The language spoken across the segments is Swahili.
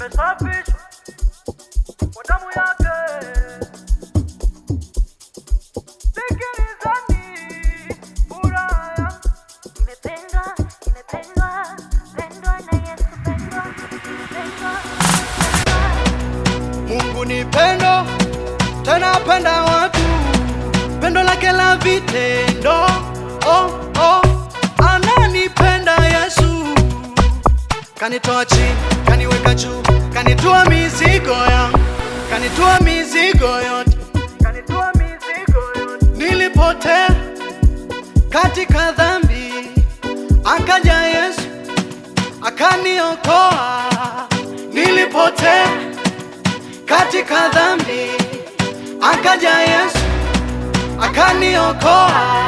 Mungu ni pendo, tena penda watu, pendo lake la vitendo kanitoa chini, kaniweka juu, kanitoa mizigo yangu, kanitoa mizigo yote, kanitoa mizigo yote. Nilipotea katika dhambi, akaja Yesu akaniokoa. Nilipotea katika dhambi, akaja Yesu akaniokoa.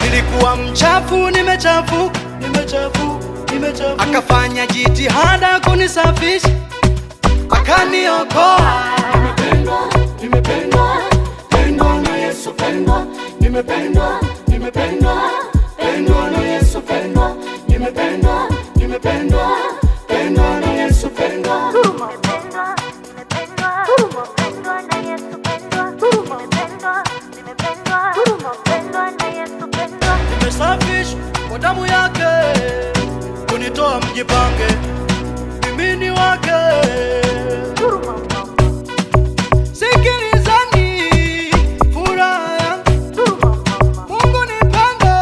Nilikuwa mchafu, nimechafu, nimechafu akafanya jitihada kunisafisha, akaniokoa. Nimependwa, nimependwa, pendwa na Yesu, pendwa, nimependwa, nimependwa, pendwa na Yesu, pendwa, nimependwa, nimependwa, pendwa na Yesu, pendwa nimesafishwa kwa damu yake kunitoa mjipange, mimi ni wake. Sikilizani furaha, Mungu ni pendo,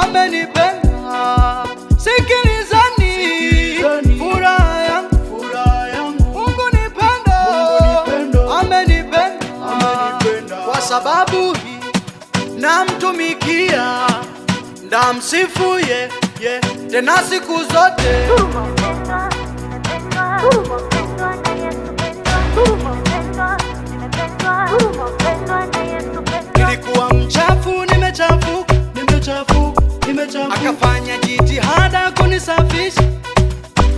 amenipenda. Sikilizani furaha, Mungu ni pendo, amenipenda. Kwa sababu hii namtumikia, ndamsifuye yeah. Tena siku zote nilikuwa mchafu, nimechafu, nimechafu, nimechafu. Akafanya jitihada kunisafisha,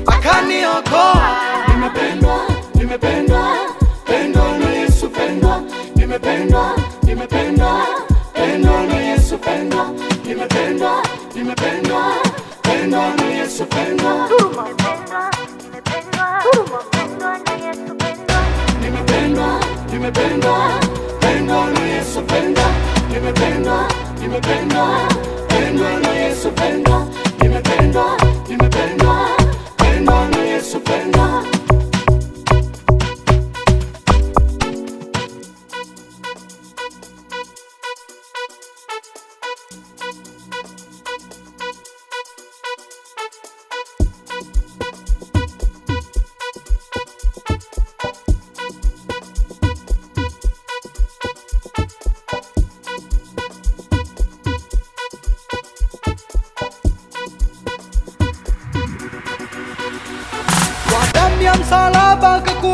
akaniokoa. Nimependwa, nimependwa Nimependwa, pendwa na Yesu, pendwa. Nimependwa, nimependwa, pendwa na Yesu, pendwa.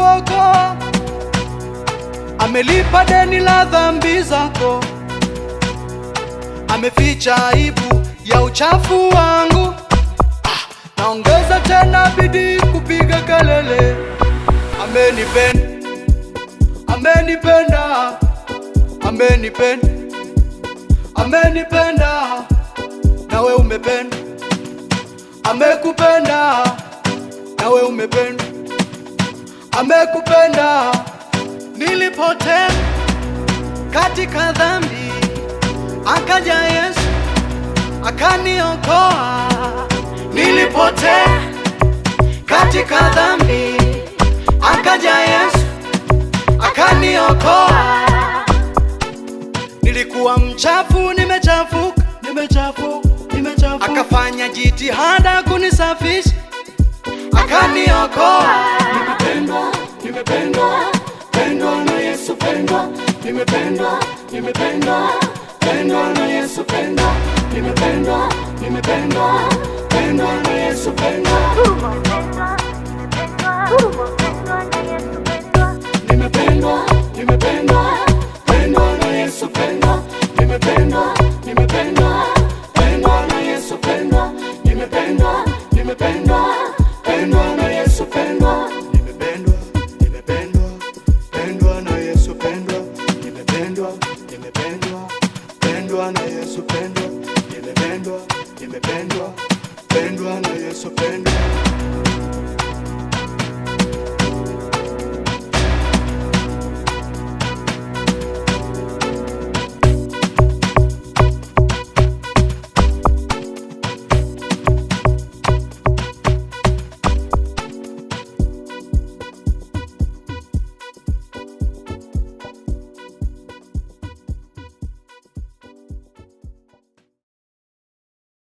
kuokoa, amelipa deni la dhambi zako, ameficha aibu ya uchafu wangu. Ah, naongeza tena bidii kupiga kelele, amenipenda, amenipenda, amenipenda, amenipenda, nawe umependa, amekupenda, nawe umependa amekupenda nilipotea katika dhambi, akaja Yesu akaniokoa. Nilipotea katika dhambi, akaja Yesu akaniokoa. Nilikuwa mchafu, nimechafuka, nimechafuka, nimechafuka, akafanya jitihada kunisafisha, akaniokoa Nimependwa, pendwa na Yesu pendwa, nimependwa, nimependwa, pendwa na Yesu pendwa, nimependwa, nimependwa, pendwa na Yesu pendwa, nimependwa, nimependwa, pendwa na Yesu pendwa, nimependwa, nimependwa, pendwa na Yesu pendwa, nimependwa, nimependwa, pendwa na Yesu pendwa Pendwa, nimependwa, pendwa na Yesu pendwa